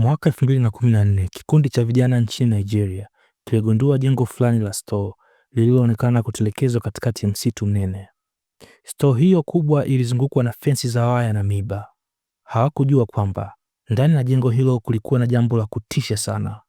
Mwaka 2014 kikundi cha vijana nchini Nigeria kiligundua jengo fulani la store lililoonekana kutelekezwa katikati ya msitu mnene. Store hiyo kubwa ilizungukwa na fensi za waya na miba. Hawakujua kwamba ndani ya jengo hilo kulikuwa na jambo la kutisha sana.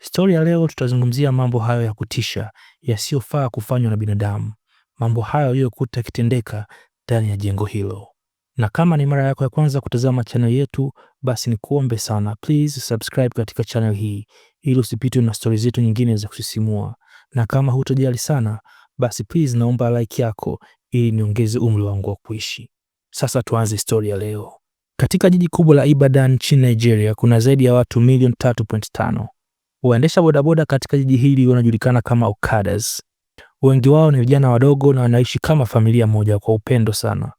Stori ya leo tutazungumzia mambo hayo ya kutisha yasiyofaa kufanywa na binadamu, mambo hayo yaliyokuta yakitendeka ndani ya jengo hilo na kama ni mara yako ya kwanza kutazama channel yetu, basi ni kuombe sana, please subscribe katika channel hii ili usipitwe na stori zetu nyingine za kusisimua. Na kama hutojali sana, basi please naomba like yako ili niongeze umri wangu wa kuishi. Sasa tuanze stori ya leo. Katika jiji kubwa la Ibadan nchini Nigeria kuna zaidi ya watu milioni 3.5. Waendesha bodaboda katika jiji hili wanajulikana kama Okadas. Wengi wao ni vijana wadogo na wanaishi kama familia moja kwa upendo sana.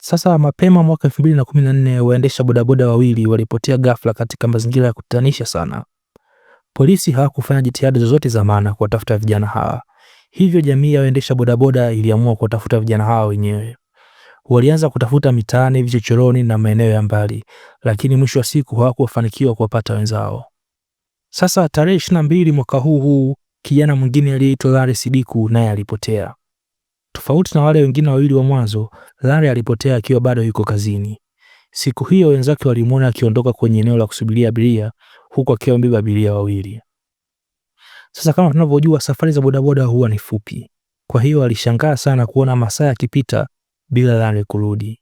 Sasa mapema mwaka 2014 waendesha bodaboda wawili walipotea ghafla katika mazingira ya kutatanisha sana. Polisi hawakufanya jitihada zozote za maana kuwatafuta vijana hawa, hivyo jamii ya waendesha bodaboda iliamua kuwatafuta vijana hawa wenyewe. Walianza kutafuta mitaani, vichochoroni na maeneo ya mbali, lakini mwisho wa siku hawakufanikiwa kuwapata wenzao. Sasa tarehe 22 mwaka huu huu kijana mwingine aliyeitwa Lare Sidiku naye alipotea. Tofauti na wale wengine wawili wa mwanzo, Lare alipotea akiwa bado yuko kazini. Siku hiyo wenzake walimwona akiondoka kwenye eneo la kusubiria abiria huku akiwa amebeba abiria wawili. Sasa kama tunavyojua, safari za bodaboda huwa ni fupi, kwa hiyo alishangaa sana kuona masaa yakipita bila Lare kurudi.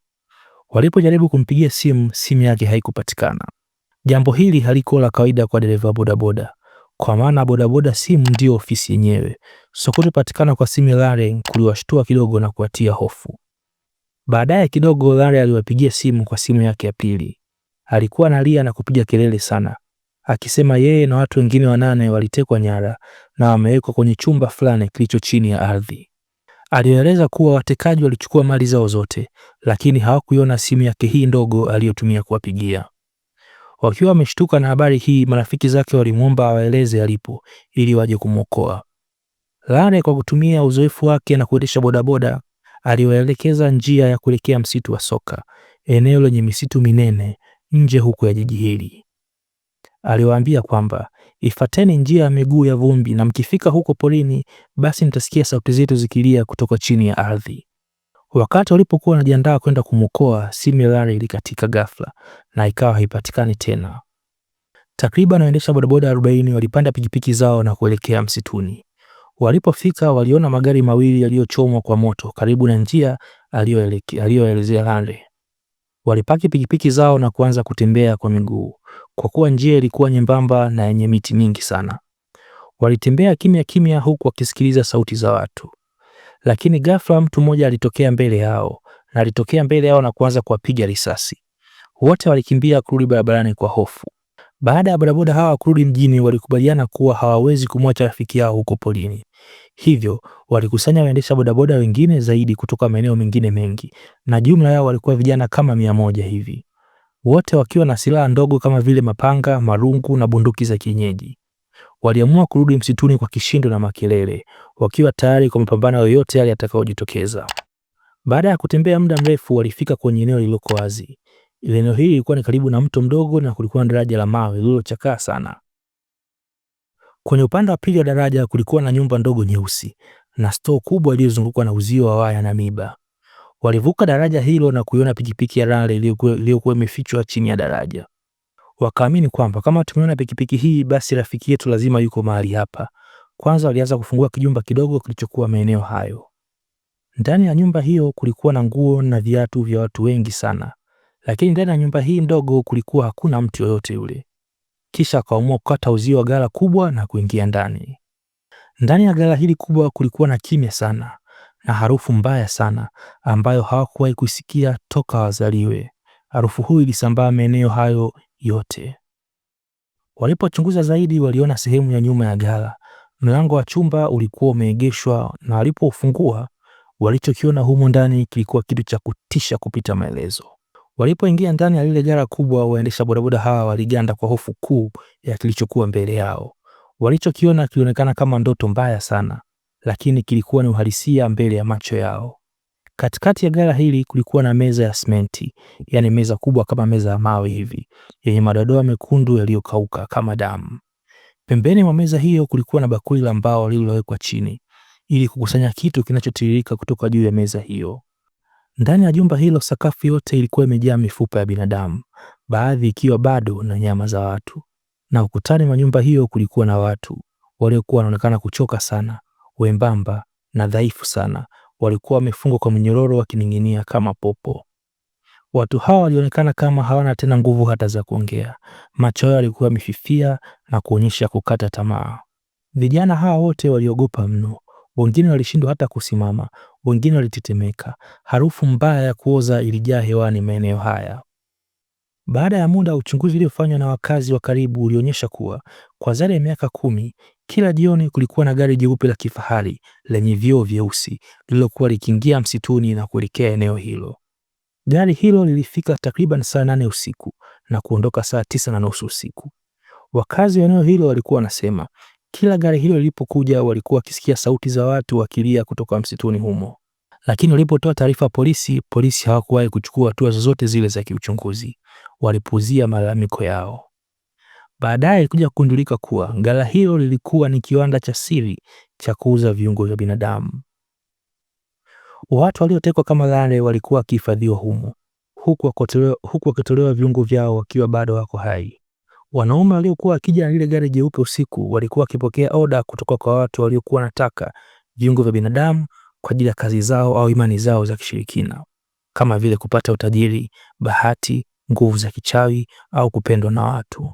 Walipojaribu kumpigia simu, simu yake haikupatikana. Jambo hili halikuwa la kawaida kwa dereva bodaboda, kwa maana bodaboda simu ndio ofisi yenyewe. So kutopatikana kwa simu lare kuliwashtua kidogo na kuwatia hofu. Baadaye kidogo, lare aliwapigia simu kwa simu yake ya pili. Alikuwa analia na kupiga kelele sana, akisema yeye na watu wengine wanane walitekwa nyara na wamewekwa kwenye chumba fulani kilicho chini ya ardhi. Alieleza kuwa watekaji walichukua mali zao zote, lakini hawakuiona simu yake hii ndogo aliyotumia kuwapigia. Wakiwa wameshtuka na habari hii, marafiki zake walimwomba awaeleze alipo ili waje kumwokoa. Lare kwa kutumia uzoefu wake na kuendesha bodaboda aliwaelekeza njia ya kuelekea msitu wa Soka, eneo lenye misitu minene nje huko ya jiji hili. Aliwaambia kwamba ifateni njia ya miguu ya vumbi, na mkifika huko polini basi mtasikia sauti zetu zikilia kutoka chini ya ardhi. Wakati walipokuwa wanajiandaa kwenda kumwokoa, simu ya Larry ilikatika ghafla na ikawa haipatikani tena. Takriban waendesha bodaboda 40 walipanda pikipiki zao na kuelekea msituni. Walipofika waliona magari mawili yaliyochomwa kwa moto karibu na njia aliyoelezea Larry. Walipaki pikipiki zao na kuanza kutembea kwa miguu kwa kuwa njia ilikuwa nyembamba na yenye miti mingi sana. Walitembea kimya kimya, huku wakisikiliza sauti za watu lakini ghafla mtu mmoja alitokea mbele yao na alitokea mbele yao na kuanza kuwapiga risasi. Wote walikimbia kurudi barabarani kwa hofu. Baada ya bodaboda hawa kurudi mjini, walikubaliana kuwa hawawezi kumwacha rafiki yao huko polini, hivyo walikusanya waendesha bodaboda wengine zaidi kutoka maeneo mengine mengi, na jumla yao walikuwa vijana kama mia moja hivi, wote wakiwa na silaha ndogo kama vile mapanga, marungu na bunduki za kienyeji. Waliamua kurudi msituni kwa kishindo na makelele, wakiwa tayari kwa mapambano yoyote yale yatakayojitokeza. Baada ya kutembea muda mrefu, walifika kwenye eneo lililoko wazi. Eneo hili lilikuwa ni karibu na mto mdogo na kulikuwa na daraja la mawe lililochakaa sana. Kwenye upande wa pili wa daraja kulikuwa na nyumba ndogo nyeusi na stoo kubwa iliyozungukwa na uzio wa waya na miba. Walivuka daraja hilo na kuiona pikipiki ya Rale iliyokuwa imefichwa chini ya daraja wakaamini kwamba kama tumeona pikipiki hii, basi rafiki yetu lazima yuko mahali hapa. Kwanza walianza kufungua kijumba kidogo kilichokuwa maeneo hayo. Ndani ya nyumba hiyo kulikuwa na nguo na viatu vya watu wengi sana, lakini ndani ya nyumba hii ndogo kulikuwa hakuna mtu yoyote yule. Kisha akaamua kukata uzio wa gala kubwa na kuingia ndani. Ndani ya gala hili kubwa kulikuwa na kimya sana na harufu mbaya sana ambayo hawakuwahi kusikia toka wazaliwe. Harufu hii ilisambaa maeneo hayo yote. Walipochunguza zaidi, waliona sehemu ya nyuma ya ghala. Mlango wa chumba ulikuwa umeegeshwa, na walipofungua walichokiona humo ndani kilikuwa kitu cha kutisha kupita maelezo. Walipoingia ndani ya lile ghala kubwa, waendesha bodaboda hawa waliganda kwa hofu kuu ya kilichokuwa mbele yao. Walichokiona kilionekana kama ndoto mbaya sana, lakini kilikuwa ni uhalisia mbele ya macho yao. Katikati ya ghala hili kulikuwa na meza ya simenti, yani meza kubwa kama meza ya mawe hivi, yenye madoadoa mekundu yaliyokauka kama damu. Pembeni mwa meza hiyo kulikuwa na bakuli la mbao lililowekwa chini ili kukusanya kitu kinachotiririka kutoka juu ya meza hiyo. Ndani ya jumba hilo sakafu yote ilikuwa imejaa mifupa ya binadamu, baadhi ikiwa bado na nyama za watu. Na ukutani mwa nyumba hiyo kulikuwa na watu waliokuwa wanaonekana kuchoka sana, wembamba na dhaifu sana, walikuwa wamefungwa kwa minyororo wakining'inia kama popo. Watu hawa walionekana kama hawana tena nguvu hata za kuongea. Macho yao yalikuwa yamefifia na kuonyesha kukata tamaa. Vijana hawa wote waliogopa mno, wengine walishindwa hata kusimama, wengine walitetemeka. Harufu mbaya ya kuoza ilijaa hewani maeneo haya. Baada ya muda, uchunguzi uliofanywa na wakazi wa karibu ulionyesha kuwa kwa zaidi ya miaka kumi kila jioni kulikuwa na gari jeupe la kifahari lenye vioo vyeusi lililokuwa likiingia msituni na kuelekea eneo hilo. Gari hilo lilifika takriban saa nane usiku na kuondoka saa tisa na nusu usiku. Wakazi wa eneo hilo walikuwa wanasema kila gari hilo lilipokuja walikuwa wakisikia sauti za watu wakilia kutoka msituni humo, lakini walipotoa taarifa polisi, polisi hawakuwahi kuchukua hatua zozote zile za kiuchunguzi. walipuzia malalamiko yao. Baadaye kuja kugundulika kuwa ghala hilo lilikuwa ni kiwanda cha siri cha kuuza viungo vya binadamu. Watu waliotekwa kama Lale walikuwa wakihifadhiwa humo, huku wakitolewa viungo vyao wakiwa bado wako hai. Wanaume waliokuwa wakija na lile gari jeupe usiku walikuwa wakipokea oda kutoka kwa watu waliokuwa wanataka viungo vya binadamu kwa ajili ya kazi zao au imani zao za kishirikina, kama vile kupata utajiri, bahati, nguvu za kichawi au kupendwa na watu.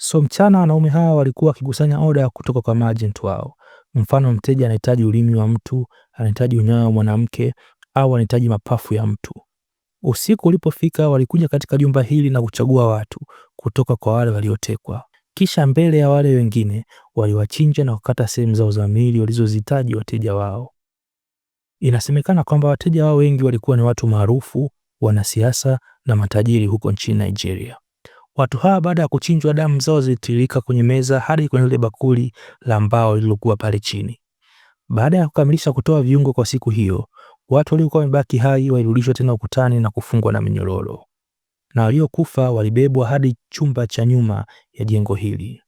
So mchana wanaume hawa walikuwa wakikusanya oda kutoka kwa maajenti wao. Mfano, mteja anahitaji ulimi wa mtu, anahitaji unyayo wa mwanamke au anahitaji mapafu ya mtu. Usiku ulipofika, walikuja katika jumba hili na kuchagua watu kutoka kwa wale waliotekwa, kisha mbele ya wale wengine waliwachinja na kukata sehemu zao za miili walizozihitaji wateja wao. Inasemekana kwamba wateja wao wengi walikuwa ni watu maarufu, wanasiasa na matajiri huko nchini Nigeria. Watu hawa baada ya kuchinjwa, damu zao zilitiririka kwenye meza hadi kwenye ile bakuli la mbao lililokuwa pale chini. Baada ya kukamilisha kutoa viungo kwa siku hiyo, watu waliokuwa wamebaki hai walirudishwa tena ukutani na kufungwa na minyororo, na waliokufa walibebwa hadi chumba cha nyuma ya jengo hili.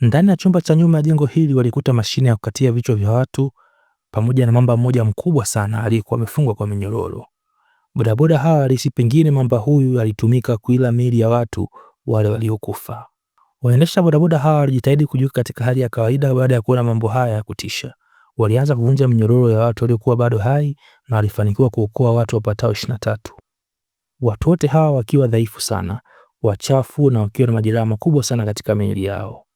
Ndani ya chumba cha nyuma ya jengo hili walikuta mashine ya kukatia vichwa vya watu pamoja na mamba mmoja mkubwa sana aliyekuwa amefungwa kwa minyororo. Bodaboda hawa walihisi pengine mamba huyu alitumika kuila miili ya watu wale waliokufa. Waendesha bodaboda hawa walijitahidi kujiweka katika hali ya kawaida baada ya kuona mambo haya ya kutisha. Walianza kuvunja minyororo ya watu waliokuwa bado hai na walifanikiwa kuokoa watu wapatao tatu, watu wote hawa wakiwa dhaifu sana, wachafu na wakiwa na majeraha makubwa sana katika miili yao.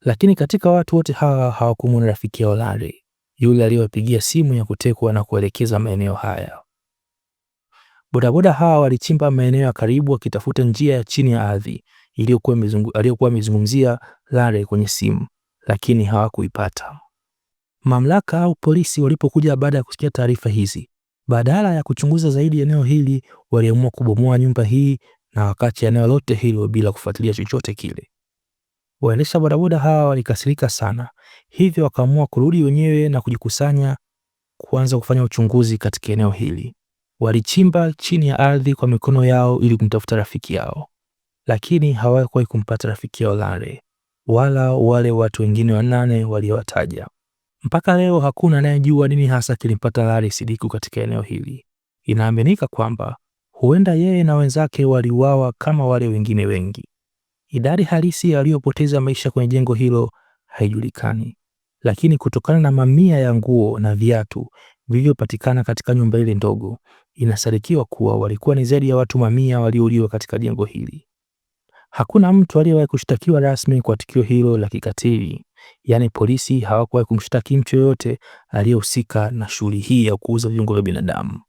Lakini katika watu wote hawa hawakumwona rafiki yao Larry, yule aliyowapigia simu ya kutekwa na kuelekeza maeneo haya. Bodaboda hawa walichimba maeneo ya karibu wakitafuta njia ya chini ya ardhi iliyokuwa aliyokuwa amezungumzia Lare kwenye simu, lakini hawakuipata. Mamlaka au polisi walipokuja baada ya kusikia taarifa hizi, badala ya kuchunguza zaidi eneo hili, waliamua kubomoa nyumba hii na wakati eneo lote hilo bila kufuatilia chochote kile. Waendesha bodaboda hawa walikasirika sana, hivyo wakaamua kurudi wenyewe na kujikusanya kuanza kufanya uchunguzi katika eneo hili. Walichimba chini ya ardhi kwa mikono yao ili kumtafuta rafiki yao, lakini hawakuwahi kumpata rafiki yao Lare wala wale watu wengine wanane waliowataja. Mpaka leo hakuna anayejua nini hasa kilimpata Lare Sidiku katika eneo hili. Inaaminika kwamba huenda yeye na wenzake waliuawa kama wale wengine wengi. Idadi halisi waliopoteza maisha kwenye jengo hilo haijulikani, lakini kutokana na mamia ya nguo na viatu vilivyopatikana katika nyumba ile ndogo, inasadikiwa kuwa walikuwa ni zaidi ya watu mamia waliouliwa katika jengo hili. Hakuna mtu aliyewahi kushtakiwa rasmi kwa tukio hilo la kikatili, yaani polisi hawakuwahi kumshtaki mtu yoyote aliyehusika na shughuli hii ya kuuza viungo vya binadamu.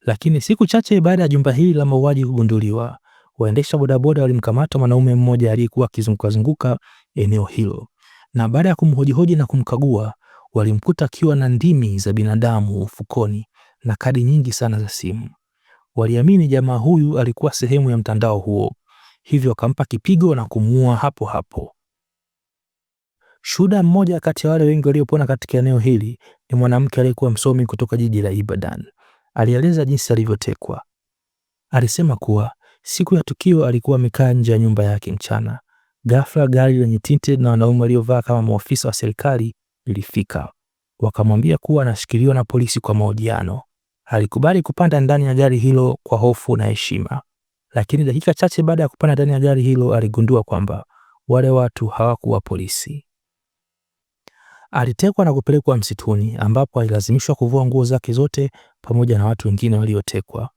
Lakini siku chache baada ya jumba hili la mauaji kugunduliwa, waendesha bodaboda walimkamata mwanaume mmoja aliyekuwa akizungukazunguka eneo hilo, na baada ya kumhojihoji na kumkagua, Walimkuta akiwa na ndimi za binadamu ufukoni na kadi nyingi sana za simu. Waliamini jamaa huyu alikuwa sehemu ya mtandao huo, hivyo wakampa kipigo na kumuua hapo hapo. Shuhuda mmoja kati ya wale wengi waliopona katika eneo hili ni mwanamke aliyekuwa msomi kutoka jiji la Ibadan. Alieleza jinsi alivyotekwa. Alisema kuwa siku ya tukio alikuwa amekaa nje ya nyumba yake mchana. Ghafla gari lenye tinted na wanaume waliovaa kama maofisa wa serikali lilifika. Wakamwambia kuwa anashikiliwa na polisi kwa mahojiano. Alikubali kupanda ndani ya gari hilo kwa hofu na heshima, lakini dakika chache baada ya kupanda ndani ya gari hilo aligundua kwamba wale watu hawakuwa polisi. Alitekwa na kupelekwa msituni ambapo alilazimishwa kuvua nguo zake zote pamoja na watu wengine waliotekwa.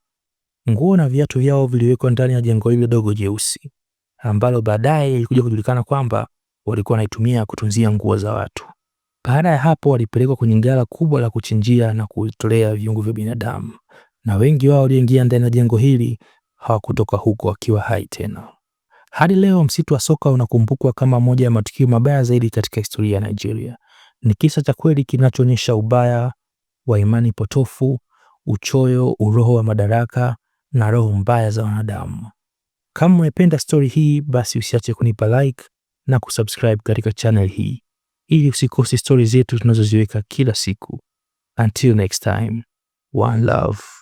Nguo na viatu vyao viliwekwa ndani ya jengo hilo dogo jeusi ambalo baadaye ilikuja kujulikana kwamba walikuwa wanaitumia kutunzia nguo za watu. Baada ya hapo walipelekwa kwenye ghala kubwa la kuchinjia na kutolea viungo vya binadamu, na wengi wao walioingia ndani ya jengo hili hawakutoka huko wakiwa hai tena. Hadi leo msitu wa Soka unakumbukwa kama moja ya matukio mabaya zaidi katika historia ya Nigeria. Ni kisa cha kweli kinachoonyesha ubaya wa imani potofu, uchoyo, uroho wa madaraka na roho mbaya za wanadamu. Kama umependa stori hii, basi usiache kunipa like na kusubscribe katika channel hii ili usikose stori zetu tunazoziweka kila siku. Until next time, one love.